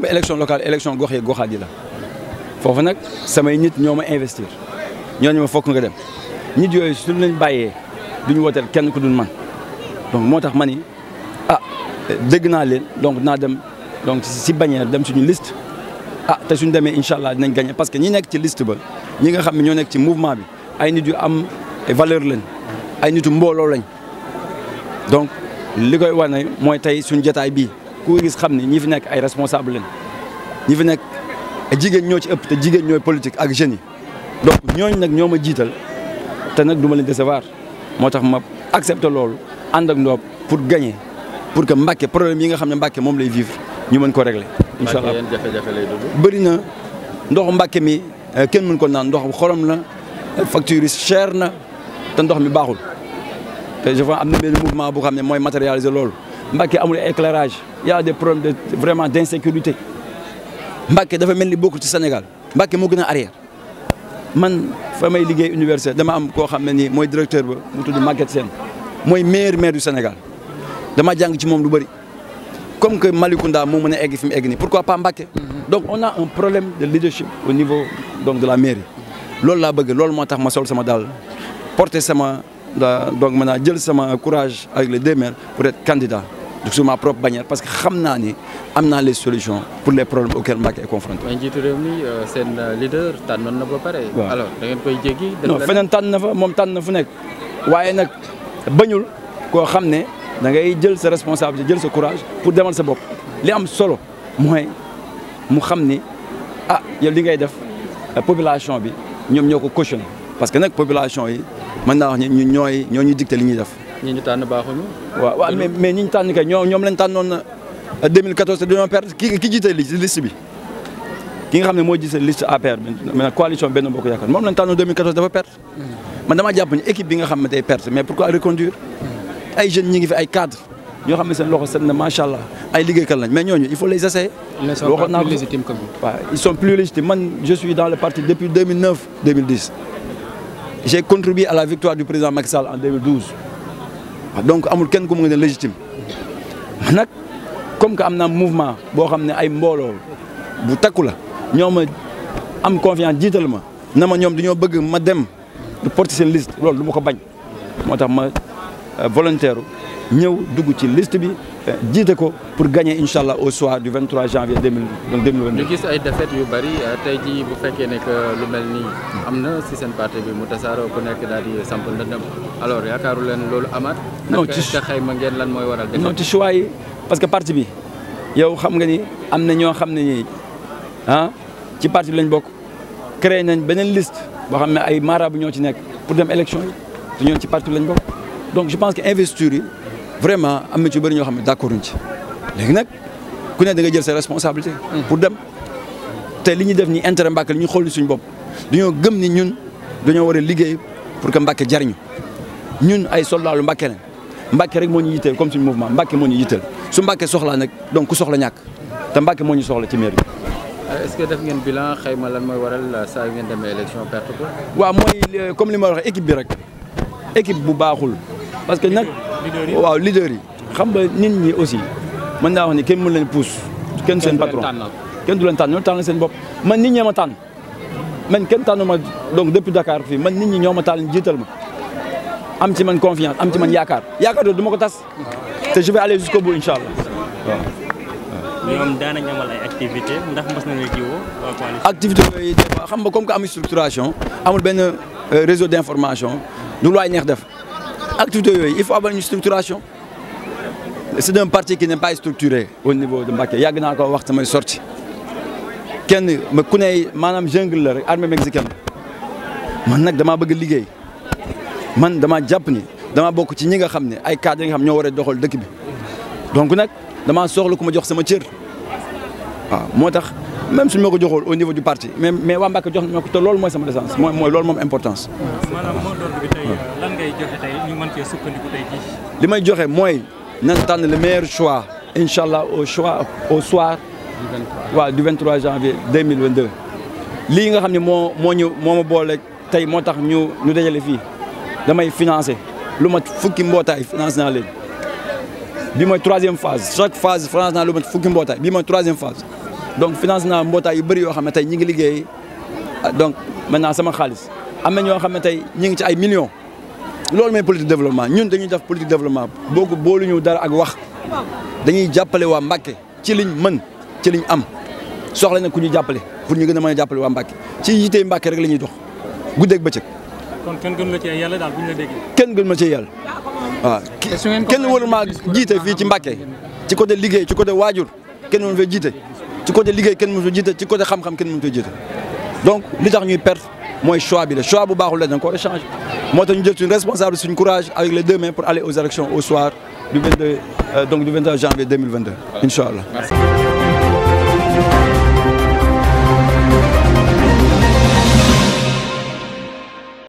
xam nga élection locale élection gox goxaat yi la foofu nag samay nit ñoo ma investir ñooñu ma fokk nga dem nit yooyu suñ lañ bàyyee duñu wooteel kenn ku dul man donc moo tax ma ni ah dégg naa leen donc naa dem donc si bannière dem suñu liste ah te suñ demee incha allah dinañ gagné parce que ñi nekk ci list ba ñi nga xam ne ñoo nekk ci mouvement bi ay nit yu am valeur lañ ay nitu mbooloo lañ donc li koy wane mooy tey suñ jotaay bii ku gis xam ne ñi fi nekk ay responsable lañ ñi fi nekk jigéen ñoo ci ëpp te jigéen ñooy politique ak jeunes yi donc ñooñu nag ñoo ma jiital te nag du ma leen décevoir moo tax ma accepté loolu ànd ak Ndoob pour gagner pour que Mbacké problème yi nga xam ne Mbacké moom lay vivre ñu mën ko régler incha allah jafe-jafe lay dund bëri na ndoxu Mbacké mi euh, kenn mun ko naan ndox xorom la facture yi na te ndox mi baaxul te je vois am na benn mouvement bu xam ne mooy matérialiser loolu Mbacké amul éclairage y a des problèmes de vraiment d'insécurité Mbacké dafa mel ni bokkul ci Sénégal Mbacké moo gën a arrière man fa may liggéey université dama am koo xam ne nii mooy directeur ba mu tudd Maguette sen mooy meilleur maire du Sénégal dama jàng ci moom lu bëri comme que Malicounda moo mën a egg fi mu egg nii pourquoi pas Mbacké donc on a un problème de leadership au niveau donc de la mairie loolu laa bëgg loolu moo tax ma sol sama daal porter sama donc mën a jël sama courage avec les deux maires être candidat sous ma propre bannière parce que xam naa ni am naa les solution pour les problèmes auxquels Mbacké est confronté. mais njiitu réew mi euh, seen euh, leader tànnoon na ba pare. waaw alors da koy jéggi. non feneen tànn na fa moom tànn na fu nekk waaye nag bañul koo xam ne da ngay jël sa responsabilité jël sa courage pour demal sa bopp li am solo mooy mu xam ni ah yow li ngay def euh, population bi ñoom ñoo ko cautionné parce que nag population yi mën naa wax ni ñun ñooy ñoo ñuy dicté li ñuy def. ñi ñu tànn baaxuñu. waaw waaw mais mais ñoom lañ tànnoon 2014 euh, te dañoo perte ki ki jiite liste bi ki nga xam ne moo jiite liste APR maintenant coalition Benno Bokk Yaakaar moom lañ tànnoon 2014 dafa perte. Hmm. man damaa jàpp ni équipe bi nga xam ne day perte mais pourquoi reconduire. Hmm. ay jeunes ñi fi ay cadres ñoo xam ne seen loxo seen na allah ay liggéeykat lañ mais ñooñu il faut les essayer. waxoon naa ko waaw plus légitimes man je dans le parti depuis 2009 2010 j'ai la victoire du président Macky en Ah, donc amul kenn ku mu nga ne légitime ah, nag comme que am naa mouvement boo xam ne ay mbooloo bu takku la ñoo ma am confiance jiital ma na ma ñoom dañoo bëgg ma dem di porter seen liste loolu du ma ko bañ moo tax ma euh, volontaire ñëw dugg ci liste bi jiite ko pour gagner incha allah au soir du 23 janvier 2022. ñu gis ay défaites yu bari euh, tey jii bu fekkee ne que lu mel nii am na si seen parti bi mu tasaaroo ku nekk daal di samp ndëndam alors yaakaaru leen loolu amaat. non ci naka ngeen lan mooy waral. non ci choix yi parce que parti bi yow xam nga ni am na ñoo xam ne nii ah ci parti lañ bokk créé nañ beneen liste boo xam ne ay mara bu ñoo ci nekk pour dem élection yi te ñoon ci parti lañ bokk donc je pense que vraiment am na ci bëri ñoo xam ne d'accord ñu ci léegi nag ku ne da nga jël sa responsabilité. pour dem te li ñu def ni intérêt Mbàkke ñu xool ni suñu bopp dañoo gëm ni ñun dañoo war a liggéey pour que Mbàkke jariñu ñun ay soldaalu Mbàkke lañ Mbàkke rek moo ñu yitteel comme suñu mouvement Mbàkke moo ñu yitteel su Mbàkke soxlaa nag donc ku soxla ñàkk te Mbàkke moo ñu soxla ci mairie bi euh, est-ce que def ngeen bilan xayma lan mooy waral euh, saa yu ngeen demee élection perte ko. waaw mooy euh, comme li ma wax équipe bi rek équipe bu baaxul. parce que nag waaw leader yi xam nga nit ñi aussi mën naa wax ni kenn mën leen pousse kenn seen patron kenn du leen tànn ñoo tànn seen bopp man nit ñee ma tànn man kenn tànnu ma donc depuis Dakar fii man nit ñi ñoo ma tànn jiital ma am ci man confiance am ci man yaakaar yaakaar doo du ma ko tas ah. te je vais aller jusqu'au bout incha allah ah. Ah. ndax mos nañu jiwoo waa coalition. xam nga comme que amul structuration amul benn euh, réseau d' information du looy neex def. activités yooyu il faut avoir une structuration c'est un parti ki ne pas structuré au niveau de Mbacké yàgg naa ko wax may sorti kenn ma ku ne maanaam jungle la rek armée mexicaine man nag damaa bëgg liggéey man dama jàpp ni dama bokk ci ñi nga xam ne ay cadres yi nga xam ñoo war a doxal dëkk bi donc nag damaa soxla ku ma jox sama cër waaw moo tax. même suñu ma ko joxoon au niveau du parti mais mais waa Mbacke jox na ko te loolu mooy sama décence mooy mooy loolu moom importance. maanaam li may joxe mooy nañ tànn le meilleur choix incha allah au choix au soir. du 23 waaw du 23 janvier 2022. lii nga xam ne moo moo ñu moo ma boole tey moo tax ñu ñu dajale fii damay financé lu mat fukki mbootaay financé naa leen bi mooy troisième phase chaque phase financé naa lu mat fukki mbootaay bi mooy troisième phase. donc finance naa mbootaay yu bëri yoo xam ne tey ñi ngi liggéey donc naa sama xaalis am na ñoo xam ne tey ñi ngi ci ay millions loolu mooy politique développement ñun dañuy def politique développement boo boolu booluñu dara ak wax dañuy jàppale waa Mbacké ci liñ mën ci liñ am soxla na ku ñu jàppale pour ñu gën a mën a jàppale waa Mbacké ci yitey Mbacké rek la ñuy dox guddeeg bëccëg. kon kenn gën la ci yàlla daal bu ñu la déggee. kenn gën ma ci yàlla waaw. kenn war maa jiite fii ci Mbacké ci côté liggéey ci côté waajur kenn waru fee jiite. ci côté liggéey kenn mënu fa jiite ci côté xam-xam kenn mënu fa donc li tax ñuy perte mooy choix bi la choix bu baaxul la dañ ko échanger moo tax ñu jël suñu responsable suñu courage avec les deux pour aller aux élections au soir euh, donc janvier 2022